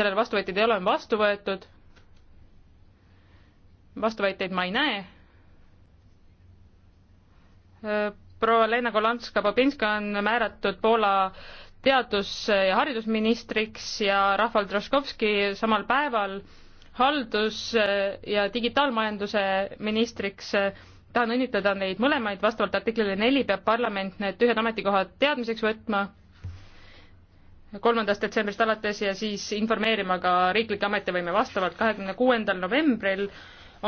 sellele vastuväiteid ei ole, on vastu võetud. vastuväiteid ma ei näe. Äh, proua Lena Kolanska-Babinska on määratud Poola teadus- ja haridusministriks ja Rafal Droškovski samal päeval haldus- ja digitaalmajanduse ministriks. tahan õnnitleda neid mõlemaid, vastavalt artiklile neli peab parlament need tühjad ametikohad teadmiseks võtma kolmandast detsembrist alates ja siis informeerima ka riiklikke ametivõime vastavalt. kahekümne kuuendal novembril